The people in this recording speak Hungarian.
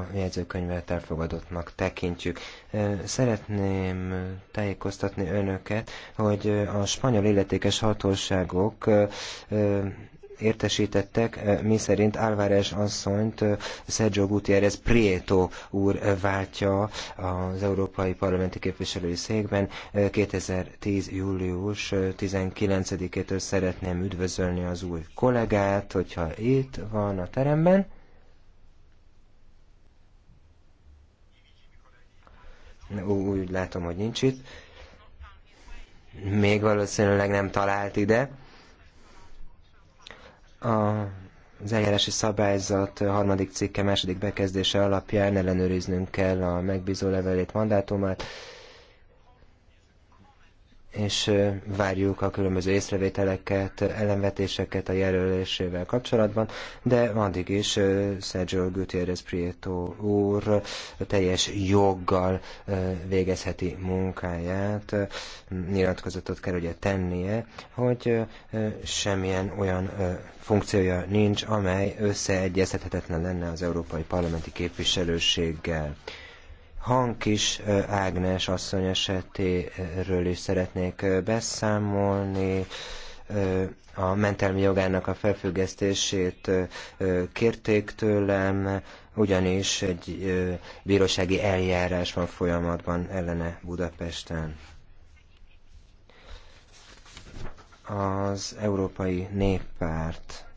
a jegyzőkönyvet elfogadottnak tekintjük. Szeretném tájékoztatni önöket, hogy a spanyol illetékes hatóságok értesítettek, miszerint Álvarez asszonyt Sergio Gutiérrez Prieto úr váltja az Európai Parlamenti Képviselői Székben. 2010. július 19-től szeretném üdvözölni az új kollégát, hogyha itt van a teremben. úgy látom, hogy nincs itt. Még valószínűleg nem talált ide. A az eljárási szabályzat harmadik cikke második bekezdése alapján ellenőriznünk kell a megbízó levelét, mandátumát, és várjuk a különböző észrevételeket, ellenvetéseket a jelölésével kapcsolatban, de addig is Sergio Gutierrez Prieto úr teljes joggal végezheti munkáját, nyilatkozatot kell ugye tennie, hogy semmilyen olyan funkciója nincs, amely összeegyeztethetetlen lenne az európai parlamenti képviselőséggel. Hankis Ágnes asszony esetéről is szeretnék beszámolni a mentelmi jogának a felfüggesztését kérték tőlem, ugyanis egy bírósági eljárás van folyamatban ellene Budapesten. Az Európai Néppárt